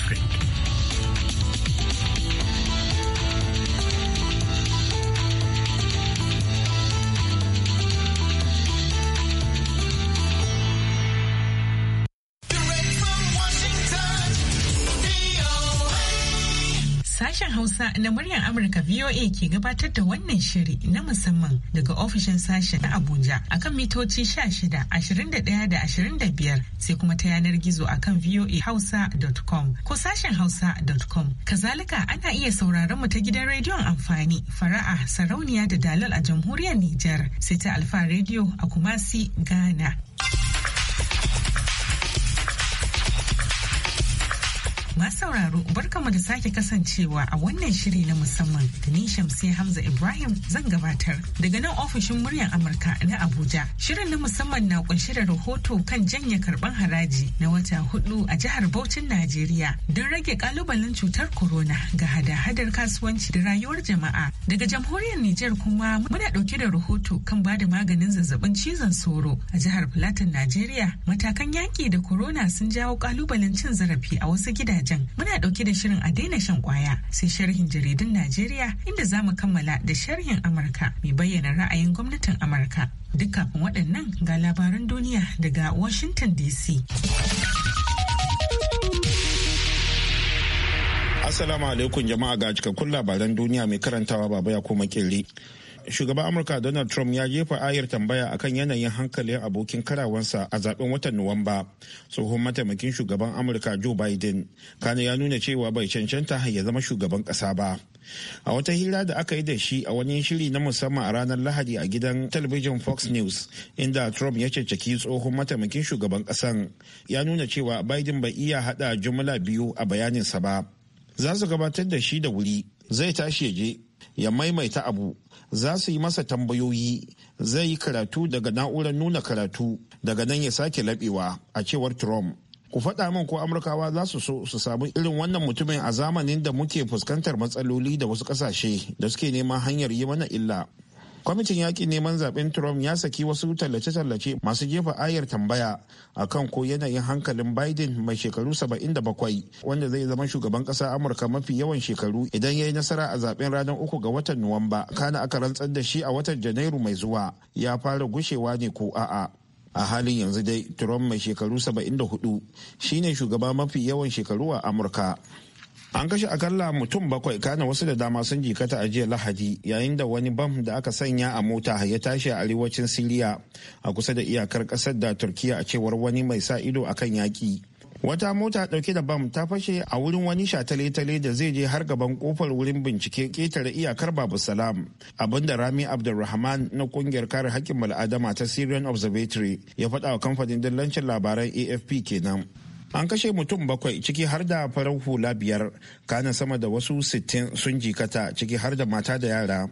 Afrique. na muryar Amurka VOA ke gabatar da wannan shiri na musamman daga ofishin sashen na Abuja akan mitoci 16, 21 da 25 sai kuma ta yanar gizo a akan voahausa.com ko sashen hausa.com. Kazalika ana iya sauraron mu ta gidan rediyon amfani fara'a sarauniya da dalal a jamhuriyar Nijar sai ta Alfa Radio a Kumasi, Ghana. Masu sauraro barkamu da sake kasancewa a wannan shiri na musamman da ni Shamsi Hamza Ibrahim zan gabatar daga nan ofishin muryar Amurka na Abuja. Shirin na musamman na kunshe da rahoto kan janye karban haraji na wata hudu a jihar Bauchin Najeriya don rage kalubalen cutar corona ga hada-hadar kasuwanci da rayuwar jama'a. Daga jamhuriyar Nijar kuma muna dauke da rahoto kan bada maganin zazzabin cizon sauro a jihar Plateau Najeriya. Matakan yaki da corona sun jawo kalubalen cin zarafi a wasu gidaje Abidjan. muna dauke da shirin a daina shan kwaya sai sharhin jaridun Najeriya inda za mu kammala da sharhin Amurka mai bayyana ra'ayin gwamnatin Amurka. Duk kafin waɗannan ga labaran duniya daga Washington DC. Assalamu alaikum jama'a ga cikakkun labaran duniya mai karantawa baba ya koma shugaban amurka donald trump ya jefa ayar tambaya akan yanayin hankalin abokin karawansa a zaben watan nuwamba tsohon mataimakin shugaban amurka joe biden kana ya nuna cewa bai cancanta ya zama shugaban kasa ba a wata hira da aka yi da shi a wani shiri na musamman a ranar lahadi a gidan talabijin fox news inda trump ya cancaki tsohon mataimakin shugaban kasan ya nuna cewa biden bai iya hada jumla biyu a bayaninsa ba za su gabatar da shi da wuri zai tashi ya je ya maimaita abu za su yi masa tambayoyi zai yi karatu daga na'urar nuna karatu daga nan ya sake labewa a cewar trump ku faɗa min ko amurkawa za su so su samu irin wannan mutumin a zamanin da muke fuskantar matsaloli da wasu ƙasashe da suke neman hanyar yi mana illa kwamitin Yakin neman zaben trump ya saki wasu tallace-tallace masu jefa ayar tambaya akan ko yanayin hankalin biden mai shekaru 77 wanda zai zama shugaban ƙasa amurka mafi yawan shekaru idan ya yi nasara a zaben ranar uku ga watan nuwamba kana aka rantsar da shi a watan janairu mai zuwa ya fara gushewa ne ko a'a a halin yanzu dai trump mai shekaru 74 shine shugaba mafi yawan shekaru a amurka an kashe akalla mutum bakwai kana wasu da dama sun jikata a jiya lahadi yayin da wani bam da aka sanya a mota ya tashi a arewacin siriya a kusa da iyakar kasar da turkiya a cewar wani mai sa ido akan yaƙi. wata mota dauke da bam ta fashe a wurin wani shatale-tale da zai je har gaban kofar wurin bincike ketare iyakar babu salam abinda rami abdulrahman na kungiyar kare hakkin mal'adama ta syrian observatory ya faɗa wa kamfanin dillancin labaran afp kenan an kashe mutum bakwai ciki har da farar hula biyar kanan sama da wasu sittin sun jikata ciki har da mata da yara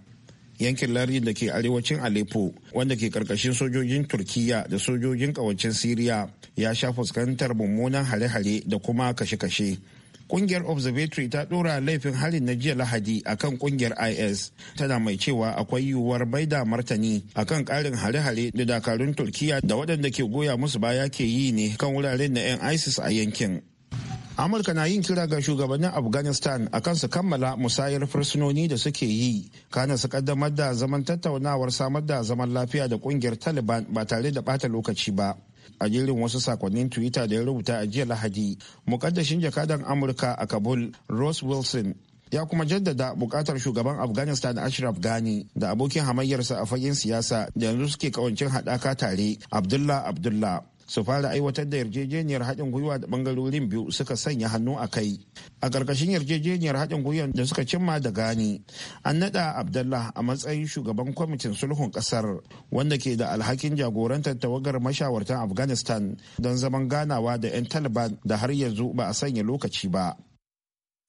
yankin larin da ke arewacin aleppo wanda ke karkashin sojojin turkiya da sojojin kawancin siriya ya sha fuskantar mummunan hare-hare da kuma kashe-kashe kungiyar observatory ta dora laifin harin na jiya lahadi akan kungiyar is tana mai cewa akwai yiwuwar baida martani akan karin hare-hare da dakarun turkiya da waɗanda ke goya musu baya ke yi ne kan wuraren na 'yan isis a yankin amurka na yin kira ga shugabannin afghanistan akan su kammala musayar fursunoni da suke yi kana su kaddamar da zaman tattaunawar samar da zaman lafiya da kungiyar taliban ba tare da bata lokaci ba a jerin wasu sakonnin twitter da ya rubuta a jiya lahadi mukaddashin jakadan amurka a kabul ross wilson ya kuma jaddada bukatar shugaban afghanistan ashraf ghani da abokin hamayyarsa a fagen siyasa da yanzu suke kawancin haɗaka tare abdullah abdullah su fara aiwatar da yarjejeniyar haɗin gwiwa da ɓangarorin biyu suka sanya hannu a kai a ƙarƙashin yarjejeniyar haɗin gwiwa da suka cimma da gani an naɗa abdullah a matsayin shugaban kwamitin sulhun ƙasar wanda ke da alhakin jagorantar tawagar mashawartan afghanistan don zaman ganawa da 'yan taliban da har yanzu ba a sanya lokaci ba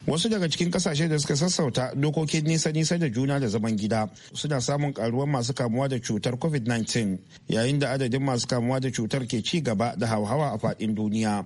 Wasu daga cikin kasashe da suka sassauta dokokin nisa-nisa da juna da zaman gida suna samun karuwar masu kamuwa da cutar COVID-19 yayin da adadin masu kamuwa da cutar ke ci gaba da hauhawa a fadin duniya.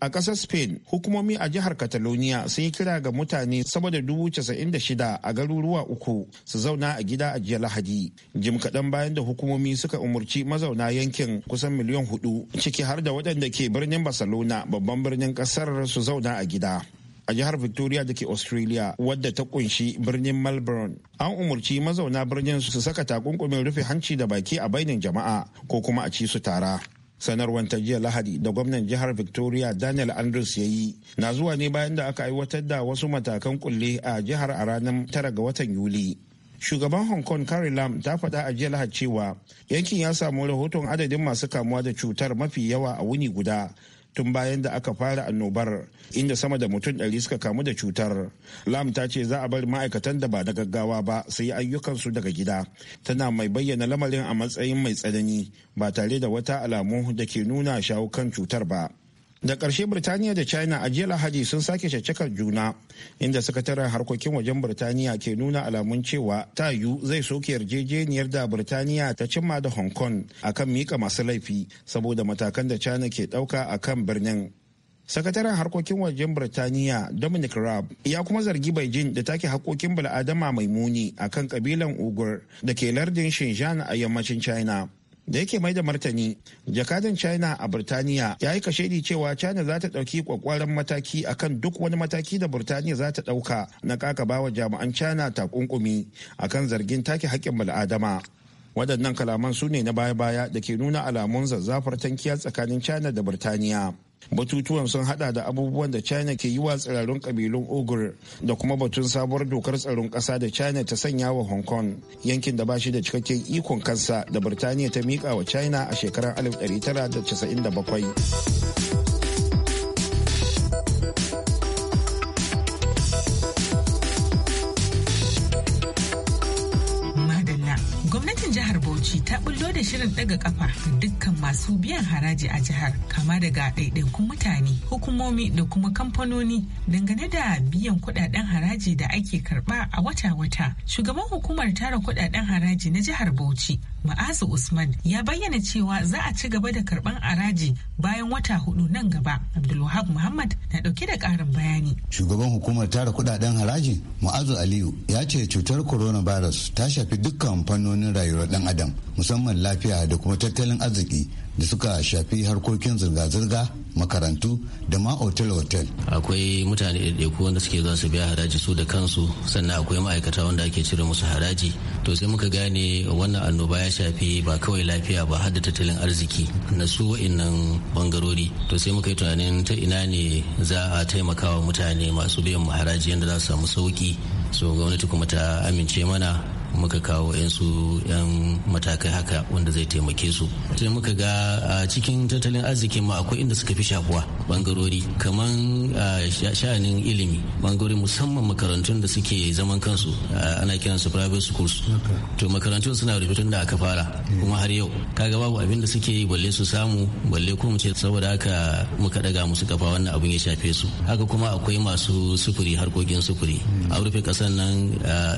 A ƙasar Spain, hukumomi a jihar Catalonia sun yi kira ga mutane sama da dubu casa'in da shida a garuruwa uku su zauna a gida a jiya Lahadi. Jim kaɗan bayan da hukumomi suka umarci mazauna yankin kusan miliyan hudu ciki har da waɗanda ke birnin Barcelona babban birnin ƙasar su zauna a gida. a jihar victoria da ke australia wadda ta kunshi birnin melbourne an umarci mazauna birnin su saka takunkumin rufe hanci da baki a bainin jama'a ko kuma a ci su tara sanarwar ta jiya lahadi da gwamnan jihar victoria daniel andrews ya yi na zuwa ne bayan da aka aiwatar da wasu matakan kulle a jihar a ranar tara ga watan yuli shugaban hong kong carrie lam ta faɗa a jiya lahadi cewa yankin ya samu rahoton adadin masu kamuwa da cutar mafi yawa a wuni guda tun bayan da aka fara annobar inda sama da mutum ɗari suka kamu da cutar lam ta ce za a bar ma'aikatan da ba na gaggawa ba su yi ayyukansu daga gida tana mai bayyana lamarin a matsayin mai tsanani ba tare da wata alamu da ke nuna shawo kan cutar ba da ƙarshe birtaniya da china a jiya lahadi sun sake caccakar juna inda sakataren harkokin wajen birtaniya ke nuna alamun cewa ta yu zai soke yarjejeniyar da birtaniya ta cimma da hong kong akan mika masu laifi saboda matakan da china ke ɗauka akan birnin sakataren harkokin wajen birtaniya dominic raab ya kuma zargi beijing da take hakokin bil'adama mai muni akan kabilan ugur da ke lardin Shenzhen a yammacin china da yake mai da martani jakadan china a birtaniya ya yi kashedi cewa china za ta ɗauki kwakwaran mataki akan duk wani mataki da birtaniya za ta ɗauka na kaka bawa jami'an china takunkumi akan zargin take haƙƙin bal'adama waɗannan kalaman su ne na baya-baya da ke nuna alamun zazzafar tankiya tsakanin china da birtaniya. batutuwan sun hada da abubuwan da china ke yi wa tsirarun kabilun ugur da kuma batun sabuwar dokar tsaron kasa da china ta sanya wa hong kong yankin da ba shi da cikakken ikon kansa da birtaniya ta mika wa china a shekarar 1997 ta bullo da shirin daga kafa masu biyan haraji a jihar kama daga ɗaiɗaikun mutane hukumomi da kuma kamfanoni dangane da biyan kuɗaɗen haraji da ake karɓa a wata-wata shugaban hukumar tara kuɗaɗen haraji na jihar bauchi ma'azu usman ya bayyana cewa za a ci gaba da karɓar haraji bayan wata hudu nan gaba abdulwahab muhammad na ɗauke da ƙarin bayani shugaban hukumar tara kuɗaɗen haraji ma'azu aliyu ya ce cutar coronavirus ta shafi dukkan fannonin rayuwar ɗan adam musamman lafiya da kuma tattalin arziki da suka shafi harkokin zirga-zirga makarantu da ma otel-otel. akwai mutane da ɗaiɗaiku wanda suke za su biya haraji su da kansu sannan akwai ma'aikata wanda ake cire musu haraji to sai muka gane wannan annoba ya shafi ba kawai lafiya ba har da tattalin arziki na su wa'innan bangarori to sai muka yi tunanin ta ina ne za a taimakawa mutane masu biyan haraji yadda za su samu sauki so gwamnati kuma ta amince mana muka kawo yansu yan matakai haka wanda zai taimake su sai muka ga a cikin tattalin arzikin ma akwai inda suka fi shafuwa bangarori kamar sha'anin ilimi bangarori musamman makarantun da suke zaman kansu ana kiran su private schools to makarantun suna rufe tun da aka fara mm. kuma har yau kaga babu abin da suke yi balle su samu balle ko mu ce saboda haka muka daga musu kafa wannan abin ya shafe su haka kuma akwai masu sufuri harkokin sufuri mm. a rufe kasan nan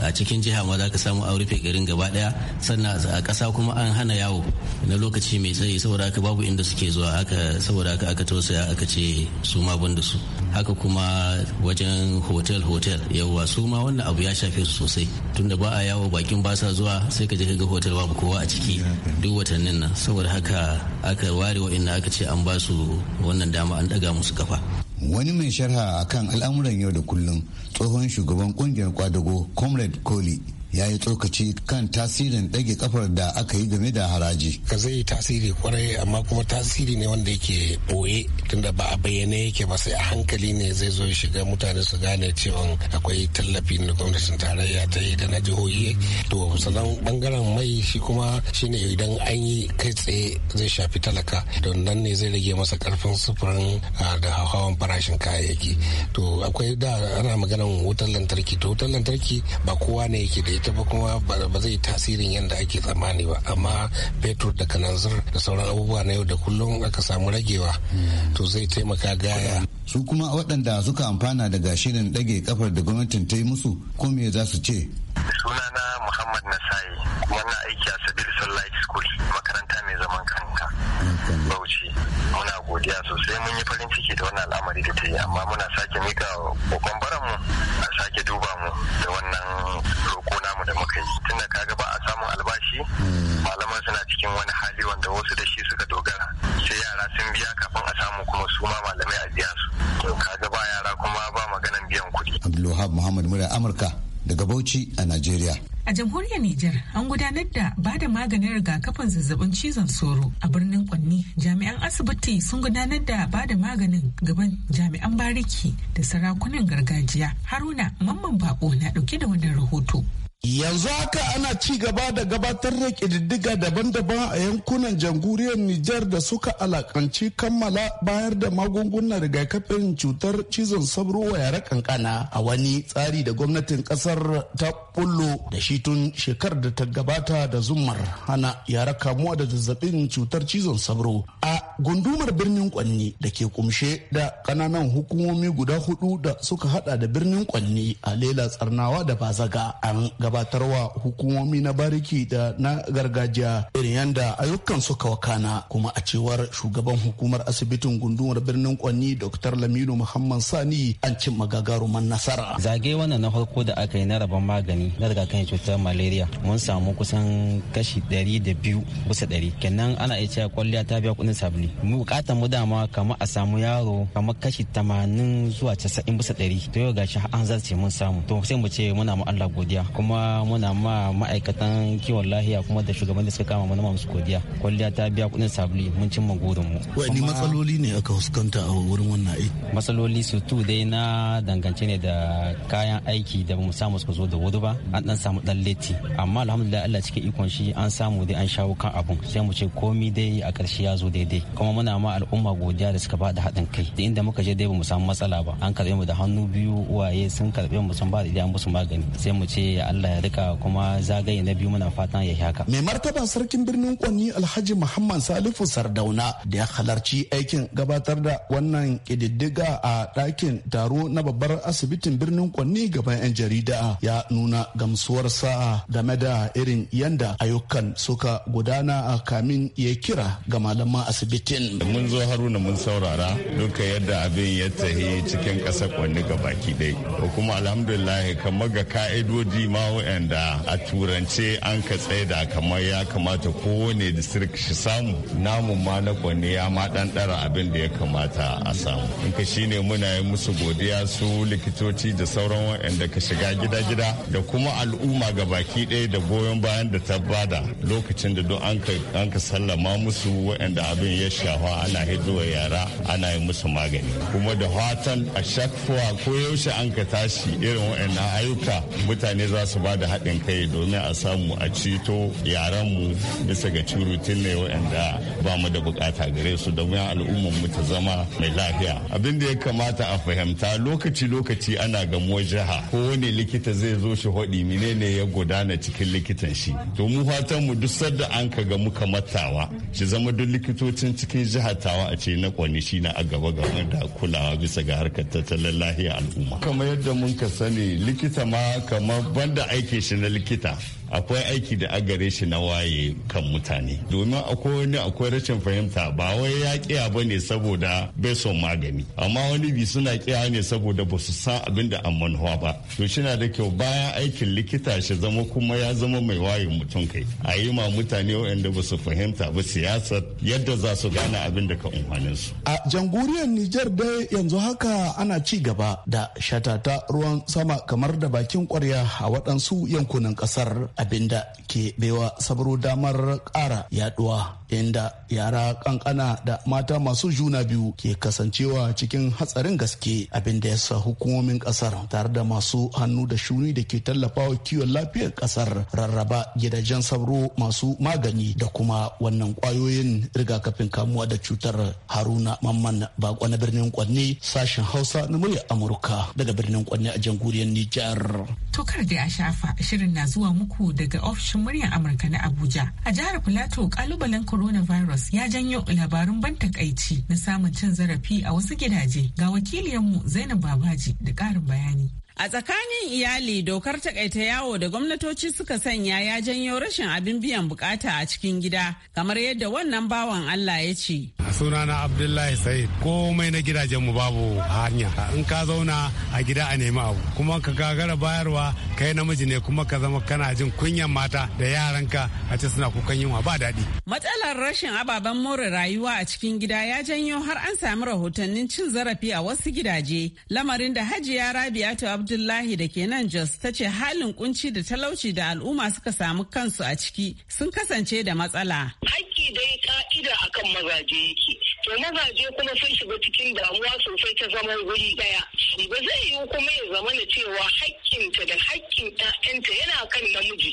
a cikin jiha ma za ka samu a rufe garin gaba daya sannan a kasa kuma an hana yawo na lokaci mai tsayi saboda haka babu inda suke zuwa aka saboda haka aka tausaya aka ce su ma da su haka kuma wajen hotel hotel yawwa su ma wannan abu ya shafe su sosai tunda ba a yawo bakin ba sa zuwa sai ka je ka ga hotel babu kowa a ciki duk watannin nan saboda haka aka ware wa'in aka ce an ba su wannan dama an daga musu kafa wani mai sharha akan al'amuran yau da kullum tsohon shugaban kungiyar kwadago comrade coley. ya yi tsokaci kan tasirin ɗage kafar da aka yi game da haraji. Ka zai tasiri kwarai amma kuma tasiri ne wanda yake boye tunda ba a bayyane yake ba sai a hankali ne zai zo shiga mutane su gane cewa akwai tallafi na gwamnatin tarayya ta yi da na jihohi. To sannan bangaren mai shi kuma shine idan an yi kai tsaye zai shafi talaka don nan ne zai rage masa karfin sufurin da hawan farashin kayayyaki. To akwai da ana maganar wutar lantarki to wutar lantarki ba kowa ne yake da ita ba kuma ba zai tasirin yadda ake tsammani ba amma fetur da kananzir da sauran abubuwa na yau da kullum aka samu ragewa to zai taimaka gaya su kuma waɗanda suka amfana daga shirin ɗage kafar da gwamnatin ta yi musu ko me za su ce sunana muhammad nasai wannan aiki a sabir sunlight school makaranta mai zaman kanka bauchi muna godiya sosai mun yi farin ciki da wannan al'amari da ta yi amma muna sake mika kokon mu a sake duba mu da wannan roko namu da muka yi tunda kaga ba a samun albashi malaman suna cikin wani hali wanda wasu da shi suka dogara sai yara sun biya kafin a samu kuma su ma malamai a biya su to kaga ba yara kuma ba maganan biyan kuɗi Abdulwahab Muhammad muryar Amurka daga Bauchi a Najeriya. A jamhuriyar Nijar an gudanar da ba da maganin rigakafin zazzabin cizon sauro a birnin Kwanni. Jami'an asibiti sun gudanar da ba da maganin gaban jami'an bariki da sarakunan gargajiya. Haruna Mamman Bako na dauke da wannan rahoto. Yanzu haka ana ci gaba da gabatar da ƙididdiga daban-daban a yankunan jamhuriyar Nijar da suka alakanci kammala bayar da magungunan rigakafin cutar cizon sabro wa yara kankana a wani tsari da gwamnatin ƙasar ta kullo da shi tun shekarar da ta gabata da zumar hana yara kamuwa da zazzabin cutar cizon sabro, a gundumar birnin Kwanni da ke kumshe da kananan hukumomi guda hudu da suka hada da birnin Kwanni a lela tsarnawa da bazaga an gabatarwa hukumomi na bariki da na gargajiya irin yadda ayyukan suka wakana kuma a cewar shugaban hukumar asibitin gundumar birnin kwanni dr lamiru muhammad sani an cin magagaruman nasara zage wannan na farko da aka yi na rabon magani na rigakafin cutar malaria mun samu kusan kashi ɗari da biyu kusa ɗari kenan ana iya cewa kwalliya ta biya kuɗin sabulu mu bukatar mu dama kama a samu yaro kama kashi tamanin zuwa casa'in bisa ɗari to yau gashi an zarce mun samu to sai mu ce muna mu Allah godiya kuma kuma muna ma ma'aikatan kiwon lahiya kuma da shugaban da suka kama mana musu godiya kwalliya ta biya kuɗin sabuli mun cimma gurin mu wani matsaloli ne aka fuskanta a wurin wannan aiki matsaloli su tu dai na dangance ne da kayan aiki da bamu samu su zo da wuri ba an dan samu dan leti amma alhamdulillah Allah cikin ikon shi an samu dai an shawo kan abun sai mu ce komi dai a ƙarshe ya zo daidai kuma muna ma al'umma godiya da suka bada haɗin kai da inda muka je dai bamu samu matsala ba an karbe mu da hannu biyu uwaye sun karɓe mu sun ba da idan musu magani sai mu ce Allah Allah ya rika kuma zagaye na biyu muna fatan ya haka. Mai martaban sarkin birnin Kwani Alhaji Muhammad Salifu Sardauna da ya halarci aikin gabatar da wannan kididdiga a dakin taro na babbar asibitin birnin Kwani gaban 'yan jarida ya nuna gamsuwarsa game da irin yanda ayyukan suka gudana a kamin ya kira ga malaman asibitin. Mun zo Haruna mun saurara duka yadda abin ya tahi cikin ƙasar Kwani gabaki ɗaya. Kuma alhamdulillah kamar ga ka'idodi ma wa'anda a turance an ka tsaida kamar ya kamata kowane district shi samu namu ma na kwanne ya ma dan dara abin da ya kamata a samu in ka shine muna yi musu godiya su likitoci da sauran wa'anda ka shiga gida-gida da kuma al'umma ga baki ɗaya da goyon bayan da ta bada lokacin da duk an ka sallama musu wa'anda abin ya shafa ana hidowa yara ana yi musu magani kuma da fatan a shakfuwa ko yaushe an ka tashi irin wa'anda ayyuka mutane za su ba da haɗin kai domin a samu a ceto yaranmu bisa ga cirutun ne waɗanda ba mu da bukata gare su domin al'ummarmu ta zama mai lafiya abin da ya kamata a fahimta lokaci-lokaci ana gamuwar jiha ko wani likita zai zo shi haɗi menene ya gudana cikin likitan shi to mu fatan mu duk sadda an ka ga muka matawa shi zama duk likitocin cikin jiha tawa a ce na kwani shi na a gaba gaba da kulawa bisa ga harkar tattalin lahiya al'umma kamar yadda mun ka sani likita ma kamar banda aikin shi na likita akwai aiki da agare shi na waye kan mutane domin akwai wani akwai rashin fahimta ba wai ya kiya ba ne saboda bai son magani amma wani bi suna kiya ne saboda ba su san abin da an ba to shina da kyau bayan aikin likita shi zama kuma ya zama mai wayin mutum kai a yi ma mutane waɗanda ba su fahimta ba siyasa yadda za su gane abin da ka umarnin su. a jamhuriyar nijar dai yanzu haka ana ci gaba da shatata ruwan sama kamar da bakin kwarya a waɗansu yankunan ƙasar a abinda ke baiwa sabro damar ƙara yaduwa inda yara kankana da mata masu juna biyu ke kasancewa cikin hatsarin gaske abinda ya sa hukumomin kasar tare da masu hannu da shuni da ke tallafawa kiwon lafiyar kasar rarraba gidajen sabro masu magani da kuma wannan kwayoyin rigakafin kamuwa da cutar haruna mamman bako na birnin kwanne sashen hausa na muryar amurka daga birnin kwanne a jamhuriyar nijar Tokar da a shafa shirin na zuwa muku daga ofishin muryar Amurka na Abuja. A jihar Filato kalubalen coronavirus ya janyo labarun ban takaici na samun cin zarafi a wasu gidaje. Ga wakiliyarmu Zainab Babaji da ƙarin bayani. A tsakanin iyali dokar takaita yawo da gwamnatoci suka sanya ya janyo rashin abin biyan bukata a cikin gida kamar yadda wannan bawan Allah ya ce. Sunana Abdullahi Said komai na gidajenmu babu hanya in ka zauna a gida a nemi abu kuma ka gagara bayarwa kai namiji ne kuma ka zama kana jin kunyan mata da yaranka a ce suna kukan yunwa ba daɗi. Matsalar rashin ababen more rayuwa a cikin gida ya janyo har an sami rahotannin cin zarafi a wasu gidaje lamarin da Hajiya Rabi'atu Abdullahi da ke nan Jos ta ce halin kunci da talauci da al'umma suka samu kansu a ciki sun kasance da matsala. Hakki dai ka'ida akan mazaje yake. to mazaje kuma sun shiga cikin damuwa sosai ta zama wuri daya ba zai yiwu kuma ya zama na cewa hakkinta da hakkin ɗanta yana kan namiji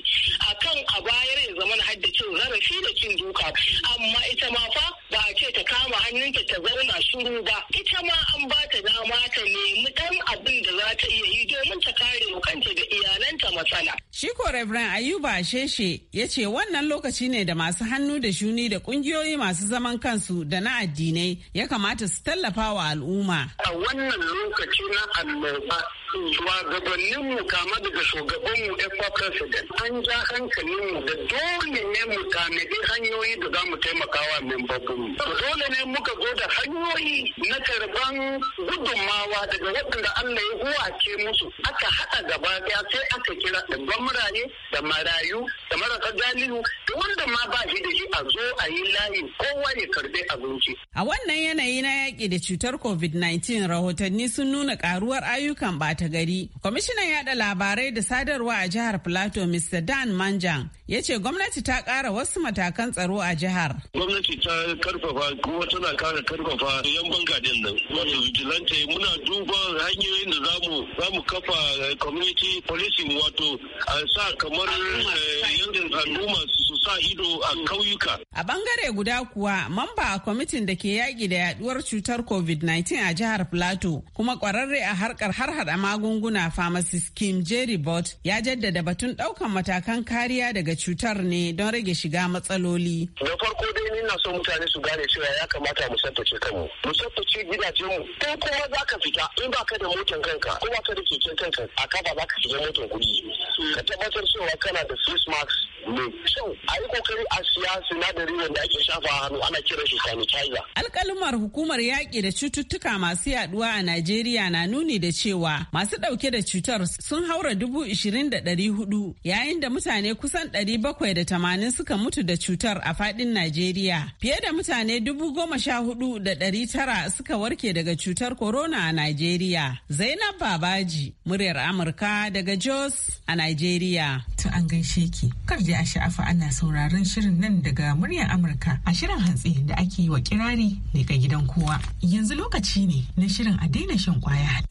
akan a bayar ya zama na cin zarafi da cin duka amma ita ma fa ba a ce ta kama hannunta ta zauna shiru ba ita ma an ba ta dama ta nemi ɗan abin da za ta iya yi domin ta kare kanta da iyalanta matsala. Shi ko Ayuba Sheshe ya ce wannan lokaci ne da masu hannu da shuni da ƙungiyoyi masu zaman kansu da na addini addinai ya kamata su tallafa wa al'umma. A wannan lokaci na annoba shugabannin mu kama daga shugaban mu ekwa president an ja hankalin mu da dole ne mu tanadi hanyoyi da za mu taimaka wa membobin mu dole ne muka zo da hanyoyi na karban gudunmawa daga waɗanda Allah ya huwace musu aka haɗa gaba ɗaya sai aka kira ɗabban muraye da marayu da marasa galihu da wanda ma ba shi da shi a zo a yi layi kowa ya karɓi abinci. A wannan yanayi na yaƙi da cutar COVID-19 rahotanni sun nuna ƙaruwar ayyukan ɓata ta gari. Kwamishinan yada labarai da sadarwa a jihar Plateau Mr. Dan Manjan ya ce gwamnati ta ƙara wasu matakan tsaro a jihar. Gwamnati ta karfafa kuma tana ƙara karfafa yan bangaden nan. Wato vigilante muna duba hanyoyin da zamu zamu kafa eh, community policing wato a sa kamar eh, yankin al'umma su sa ido a kauyuka. A bangare guda kuwa mamba a kwamitin da ke yaƙi da yaduwar cutar COVID-19 a jihar Plateau kuma ƙwararre a harkar har hada magunguna pharmacist Kim jerry bot ya jaddada batun daukan matakan kariya daga cutar ne don rage shiga matsaloli. Da farko dai ni na so mutane su gane cewa ya kamata mu tsaftace kanmu. Mu tsaftace gidajenmu. Kai kuma za ka fita in ba ka da motan kanka ko ka da keken kanka a kafa za ka shiga motan kuɗi. Ka tabbatar cewa kana da face mask ne so a yi a siya sinadari wanda ake shafa hannu ana kira shi sanitizer alkalumar hukumar yaƙi da cututtuka masu yaɗuwa a najeriya na nuni da cewa masu ɗauke da cutar sun haura dubu ishirin da ɗari hudu yayin da mutane kusan ɗari bakwai da tamanin suka mutu da cutar a faɗin najeriya fiye da mutane dubu goma sha hudu da ɗari tara suka warke daga cutar corona a najeriya zainab babaji muryar amurka daga jos a najeriya dai a sha'afa ana sauraron shirin nan daga muryar Amurka a shirin hantsi da ake yi wa kirari ne ga gidan kowa. Yanzu lokaci ne na shirin a daina shan kwaya.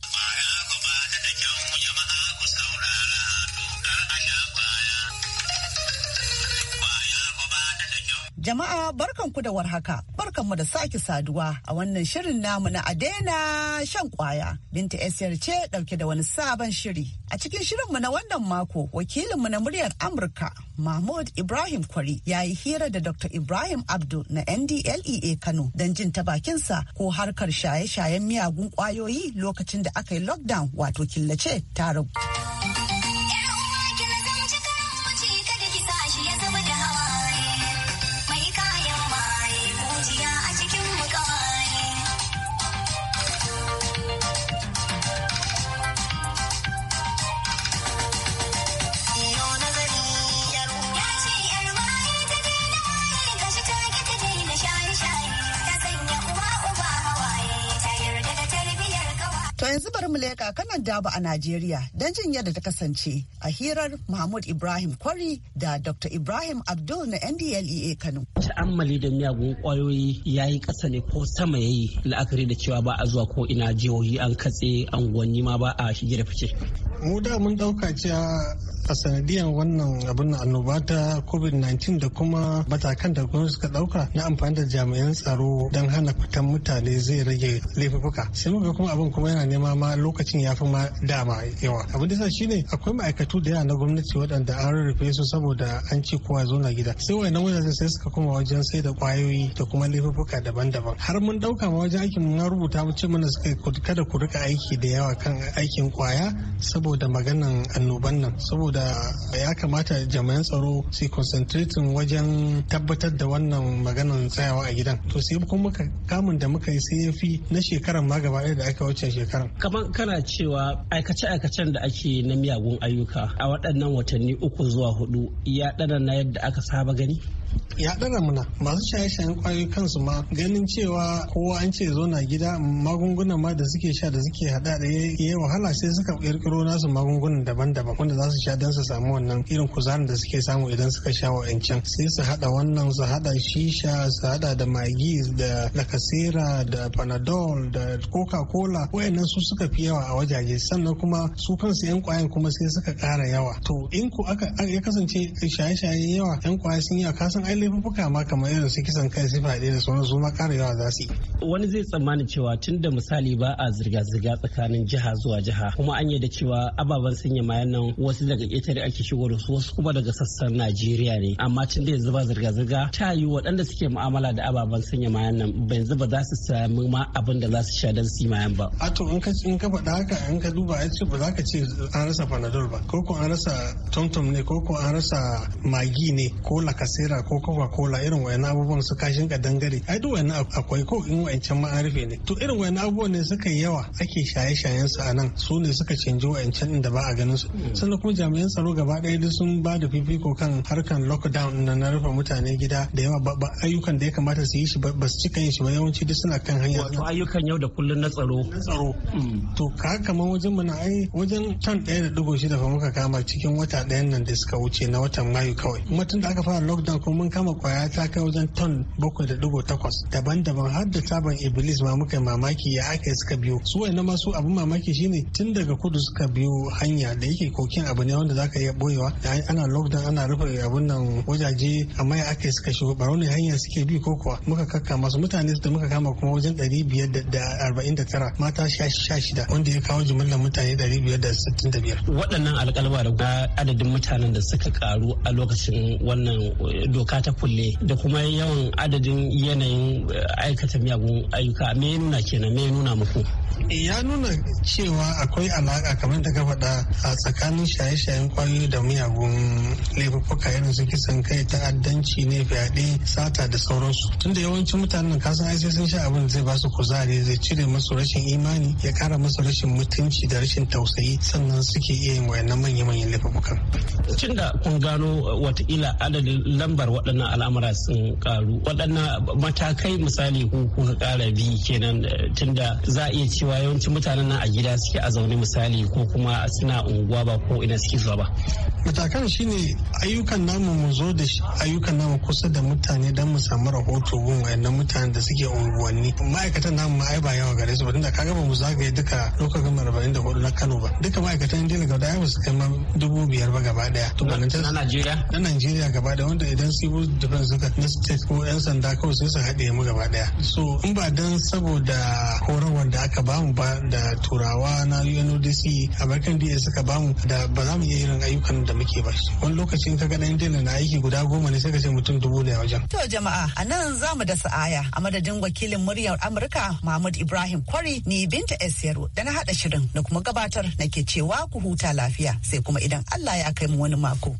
Jama'a barkanku da warhaka, barkanmu da sake saduwa a wannan shirin namu na Adena shan kwaya. Binta Esiyar ce dauke da wani sabon shiri. A cikin shirinmu na wannan mako, wakilinmu na muryar Amurka, Mahmud Ibrahim Kwari, ya yi hira da Dr. Ibrahim Abdu na NDLEA Kano don jin ta bakinsa ko harkar shaye-shayen miyagun kwayoyi lokacin da aka yi lockdown wato killace ta rabu. Ahmad Daba a Najeriya don jin yadda ta kasance a hirar Mahmud Ibrahim Kwari da Dr. Ibrahim Abdul na NDLEA Kano. Ta'ammali da miyagun kwayoyi ya yi ƙasa ne ko sama ya yi la'akari da cewa ba a zuwa ko ina jihohi an katse unguwanni ma ba a shige da fice. Mu da mun ɗauka cewa a sanadiyar wannan abin annoba ta covid-19 da kuma matakan da gwamnati suka dauka na amfani da jami'an tsaro don hana fitan mutane zai rage laifuka sai muka kuma abin kuma yana nema ma lokacin ya fi ma dama yawa abin da shine akwai ma'aikatu da yawa na gwamnati waɗanda an rarrafe su saboda an ce kowa zo na gida sai na wajen sai suka koma wajen sai da kwayoyi da kuma laifuka daban-daban har mun dauka ma wajen aikin mun rubuta mu ce mana suka kada ku rika aiki da yawa kan aikin kwaya saboda maganan annoban nan saboda saboda ya kamata jami'an tsaro su concentrating wajen tabbatar da wannan maganan tsayawa a gidan to sai kuma muka kamun da muka yi sai ya fi na shekaran ma gaba da aka wuce shekaran kamar kana cewa aikace-aikacen da ake na miyagun ayyuka a waɗannan watanni uku zuwa hudu ya ɗanana yadda aka saba gani ya ɗara muna masu shaye-shayen kwayoyi kansu ma ganin cewa kowa an ce zo na gida magungunan ma da suke sha da suke haɗa da ya wahala sai suka ƙirƙiro nasu magungunan daban-daban wanda za su sha don su samu wannan irin kuzarin da suke samu idan suka sha wa'ancan sai su hada wannan su hada shisha su hada da magi da lakasera da panadol da coca-cola wayannan su suka fi yawa a wajaje sannan kuma su kansu yan kwayan kuma sai suka kara yawa to in ku aka ya kasance shaye-shaye yawa yan kwaya sun yi ka san ai laifuka ma kamar irin su kisan kai su fade da sauran su ma kara yawa za su yi wani zai tsammani cewa tun da misali ba a zirga-zirga tsakanin jiha zuwa jiha kuma an yi da cewa ababen sanya mayan nan wasu daga ƙetare ake shigo da su wasu kuma daga sassan Najeriya ne amma tun da yanzu ba zirga-zirga ta yi waɗanda suke mu'amala da ababen sanya mayan nan yanzu ba za su sami ma abin da za su sha don su mayan ba. A to in ka in ka faɗa haka in ka duba a ce ba za ka ce an rasa panadol ba ko ko an rasa tomtom ne ko ko an rasa magi ne ko lakasera ko coca cola irin wani abubuwan su kashin ka dangare ai duk wayan akwai ko in wayancan ma an rufe ne to irin wani abubuwan ne suka yi yawa ake shaye-shayen su a nan su ne suka canji wayancan da ba a ganin su hmm. sannan kuma jami'an jami'an tsaro gaba ɗaya duk sun ba da fifiko kan harkan lockdown na na rufe mutane gida da yawa ba ayyukan da ya kamata su yi shi ba su cika yin shi ba yawanci duk suna kan hanya wato ayyukan yau da kullun na tsaro tsaro mm. to ka kamar wajen mu na ai wajen tan ɗaya da shi da fa muka kama cikin wata ɗayan nan da suka wuce na watan mayu kawai kuma tun da aka fara lockdown kuma mun kama kwaya ta kai wajen ton bakwai da digo takwas daban-daban har da taban iblis ma muka mamaki ya aka suka biyo su wayannan ma su abin mamaki shine tun daga kudu suka biyo hanya da yake kokin abu ne wanda da ka iya boyewa da ana lockdown ana rufe abun nan wajaje amma ya ake suka shigo ba wani hanya suke bi ko kuwa muka kakka masu mutane da muka kama kuma wajen 549 mata 16 wanda ya kawo jimillar mutane 565 waɗannan alƙalba da adadin mutanen da suka karu a lokacin wannan eh, doka ta kulle da kuma yawan adadin yanayin eh, aikata miyagun ayyuka me ya nuna kenan me ya nuna muku ya nuna cewa akwai alaƙa kamar da ka faɗa a tsakanin shaye-shaye 'yan kwayoyi da miyagun laifuka irin su kisan kai ta'addanci ne fyaɗe sata da sauransu tunda yawancin mutanen kasan ai sai sun sha abin zai basu kuzari zai cire musu rashin imani ya kara musu rashin mutunci da rashin tausayi sannan suke iya yin wayannan manya-manyan laifukan. Cin da kun gano uh, watakila adadin lambar waɗannan al'amura sun karu waɗannan matakai misali ko kuka kara bi kenan uh, tunda za a iya cewa yawancin mutanen nan a gida suke a zaune misali ko kuma suna unguwa ba ko ina suke zuwa ba matakan shine ayyukan namu mu zo da ayyukan namu kusa da mutane don mu samu rahoto gun wayan mutane da suke unguwanni ma'aikatan namu ma ai ba yawa gare su ba tunda kaga ba mu zagaye duka lokacin arba'in da hudu na Kano ba duka ma'aikatan dila gaba daya ba su kai ma dubu biyar ba gaba daya na Najeriya na Najeriya gaba daya wanda idan civil defense suka na state ko yan sanda kawai sai su haɗe mu gaba daya so in ba dan saboda horarwar da aka bamu ba da turawa na UNODC a barkan da suka bamu da ba za mu ne irin ayyukan da muke ba shi wani lokacin ka gani dan na aiki guda goma ne sai ka ce mutum dubu ne a wajen to jama'a a nan za mu da sa'aya a madadin wakilin muryar amurka mahmud ibrahim kwari ni binta esiyaru da na hada shirin na kuma gabatar na ke cewa ku huta lafiya sai kuma idan allah ya kai mu wani mako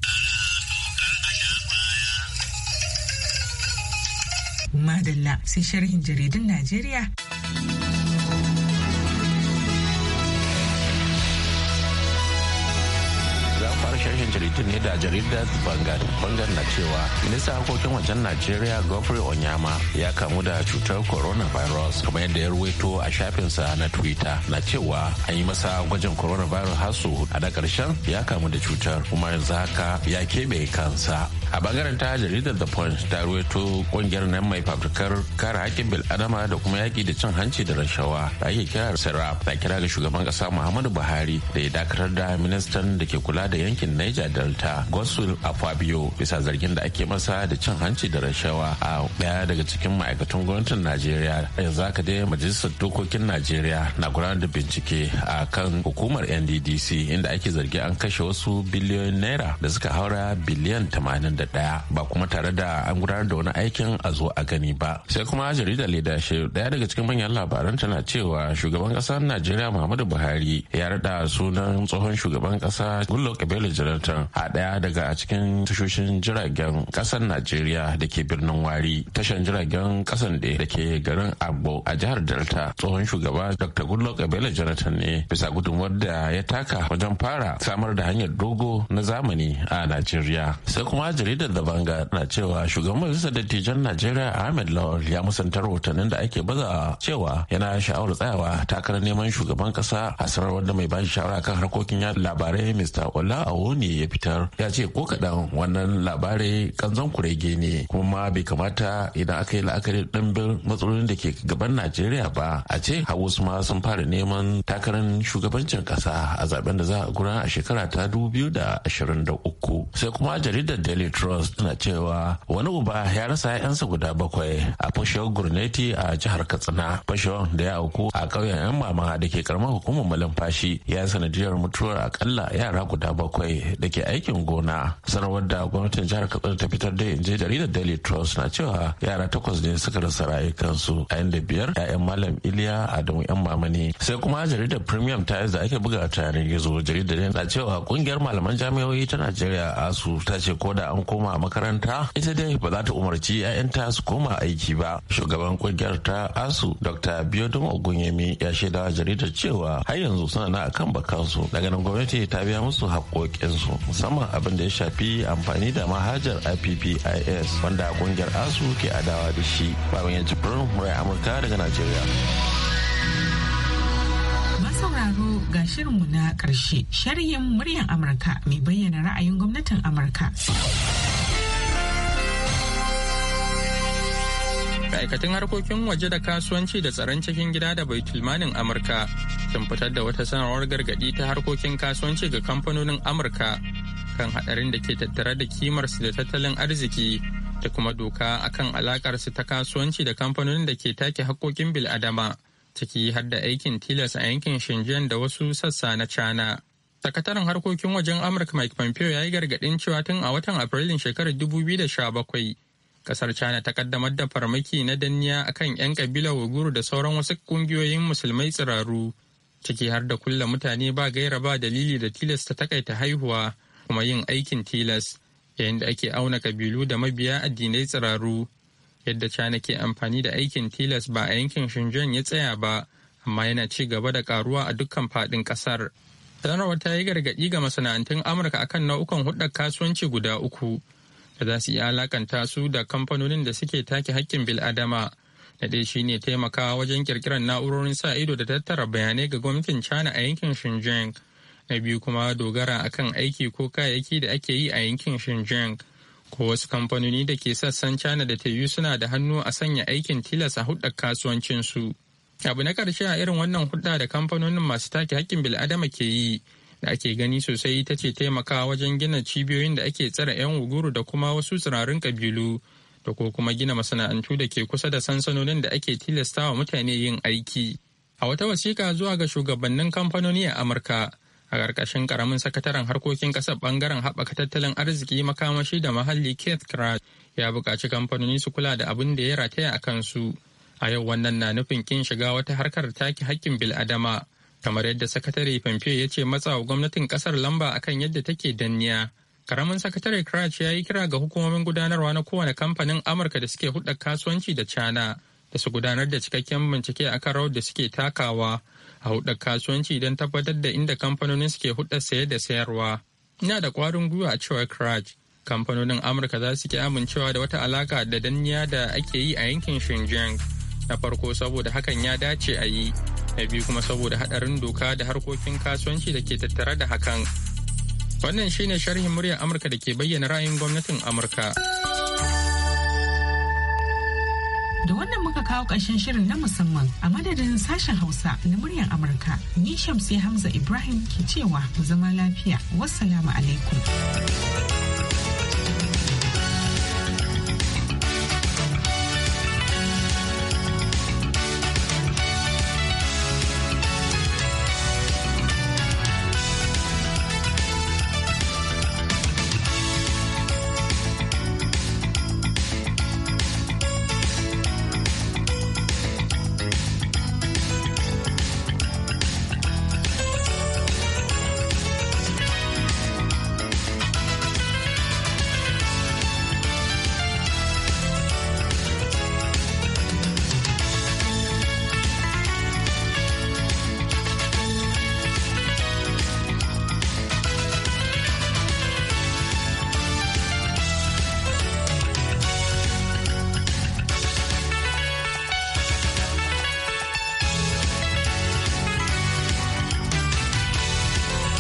madalla sai sharhin jaridun najeriya jaridun ne da jaridar bangar bangar na cewa ministan harkokin wajen najeriya godfrey onyama ya kamu da cutar coronavirus kamar yadda ya ruwaito a shafinsa na twitter na cewa an yi masa gwajin coronavirus har su a da karshen ya kamu da cutar kuma yanzu haka ya keɓe kansa a bangaren ta jaridar the point ta ruwaito kungiyar nan mai fabrikar kare hakkin bil'adama da kuma yaki da cin hanci da rashawa da ake kira sarraf ta kira ga shugaban kasa muhammadu buhari da ya dakatar da ministan da ke kula da yankin niger Niger Delta Gosul Afabio bisa zargin da ake masa da cin hanci da rashawa a daya daga cikin ma'aikatan gwamnatin Najeriya. Yanzu haka dai Majalisar Dokokin Najeriya na gudanar da bincike a kan hukumar NDDC inda ake zargi an kashe wasu biliyoyin naira da suka haura biliyan 81 ba kuma tare da an gudanar da wani aikin a zo a gani ba. Sai kuma jaridar Leadership daya daga cikin manyan labaran tana cewa shugaban kasar Najeriya Muhammadu Buhari ya rada sunan tsohon shugaban kasa Goodluck Ebele Jonathan talatin a ɗaya daga cikin tashoshin jiragen ƙasar najeriya da ke birnin wari tashan jiragen ƙasan da da ke garin agbo a jihar delta tsohon shugaba dr goodluck abela jonathan ne bisa gudunmuwar da ya taka wajen fara samar da hanyar dogo na zamani a najeriya sai kuma jaridar da banga na cewa shugaban majalisar dattijan najeriya ahmed lawal ya musanta rahotannin da ake baza cewa yana sha'awar tsayawa takarar neman shugaban ƙasa a sanarwar da mai bashi shawara kan harkokin yada labarai mr ola awoni ya fitar ya ce ko kaɗan wannan labari kanzon kurege ne kuma ma bai kamata idan aka yi la'akari ɗimbin matsalolin da ke gaban najeriya ba a ce su ma sun fara neman takarar shugabancin ƙasa a zaben da za a gudanar a shekara ta uku. sai kuma jaridar daily trust tana cewa wani uba ya rasa 'yansa guda bakwai a fashewar gurneti a jihar katsina fashewar da ya auku a ƙauyen 'yan mama da ke karamar hukumar malamfashi ya sanadiyar mutuwar akalla yara guda bakwai da ke aikin gona sanarwar da gwamnatin jihar katsina ta fitar da inji jaridar daily trust na cewa yara takwas ne suka rasa rayukansu a yanda biyar 'ya'yan malam iliya adamu yan mamani sai kuma jaridar premium ta da ake buga ta yanar gizo jaridar na cewa kungiyar malaman jami'o'i ta najeriya asu ta ce ko da an koma makaranta ita dai ba za ta umarci 'ya'yanta su koma aiki ba shugaban kungiyar ta asu dr biodun ogunyemi ya shaida jaridar cewa har yanzu suna na akan bakansu daga nan gwamnati ta biya musu haƙoƙinsu musamman abin da ya shafi amfani da mahajar IPPIS wanda kungiyar ASU ke adawa da shi. bayan ya jibrin murai Amurka daga Najeriya. Masauraro ga shirinmu na ƙarshe sharhin muryar Amurka mai bayyana ra'ayin gwamnatin Amurka. ma'aikatan harkokin waje da kasuwanci da tsaron cikin gida da bai baitulmanin amurka sun fitar da wata sanarwar gargaɗi ta harkokin kasuwanci ga kamfanonin amurka kan haɗarin da ke tattare da kimarsu da tattalin arziki da kuma doka akan alakarsu ta kasuwanci da kamfanonin da ke take haƙoƙin bil'adama ciki har da aikin tilas a yankin Shenzhen da wasu sassa na China. Sakataren harkokin wajen Amurka Mike Pompeo ya yi gargaɗin cewa tun a watan Afrilun shekarar 2017 kasar China ta kaddamar da farmaki na danniya akan 'yan kabilar da sauran wasu kungiyoyin musulmai tsiraru ciki har da kulle mutane ba gaira ba dalili da tilasta takaita haihuwa kuma yin aikin tilas yayin da ake auna kabilu da mabiya addinai tsiraru yadda China ke amfani da aikin tilas ba a yankin Shenzhen ya tsaya ba amma yana ci gaba da karuwa a dukkan faɗin ƙasar. Sanarwar ta yi gargaɗi ga masana'antun Amurka akan nau'ukan hudar kasuwanci guda uku da za su iya alakanta su da kamfanonin da suke take hakkin bil'adama da dai ne taimakawa wajen kirkirar na'urorin sa ido da tattara bayanai ga gwamnatin china a yankin shenzhen na biyu kuma dogara akan aiki ko kayayyaki da ake yi a yankin shenzhen ko wasu kamfanoni da ke sassan china da tayu suna da hannu a sanya aikin tilas a hudar su abu na karshe a irin wannan hudda da kamfanonin masu take hakkin bil'adama ke yi da ake gani sosai ita ce taimakawa wajen gina cibiyoyin da ake tsare 'yan uguru da kuma wasu tsirarin kabilu da ko kuma gina masana'antu da ke kusa da sansanonin da ake tilastawa mutane yin aiki. A wata wasiƙa zuwa ga shugabannin kamfanoni a Amurka, a ƙarƙashin ƙaramin sakataren harkokin ƙasar ɓangaren haɓaka tattalin arziki makamashi da muhalli Keith Kraft ya buƙaci kamfanoni su kula da abin da ya rataya a kansu. A yau wannan na nufin kin shiga wata harkar take hakkin bil'adama, kamar yadda sakatare Pompeo ya ce matsawa gwamnatin ƙasar lamba akan yadda take danniya. Karamin sakatare Crouch ya yi kira ga hukumomin gudanarwa na kowane kamfanin Amurka da suke hudda kasuwanci da China da su gudanar da cikakken bincike a kan rawar da suke takawa a hudda kasuwanci don tabbatar da inda kamfanonin suke hudda saye da sayarwa. Ina da kwarin gwiwa a cewar Crouch. Kamfanonin Amurka za su ki amincewa da wata alaka da danniya da ake yi a yankin Xinjiang. Na farko saboda hakan ya dace a yi. Na biyu kuma saboda haɗarin doka da harkokin kasuwanci da ke tattare da hakan. Wannan shine sharhin muryar Amurka da ke bayyana ra'ayin gwamnatin Amurka. Da wannan muka kawo ƙarshen shirin na musamman a madadin sashen Hausa na muryar Amurka. Ni Shamsi Hamza Ibrahim ke cewa zama lafiya. Wassalamu alaikum.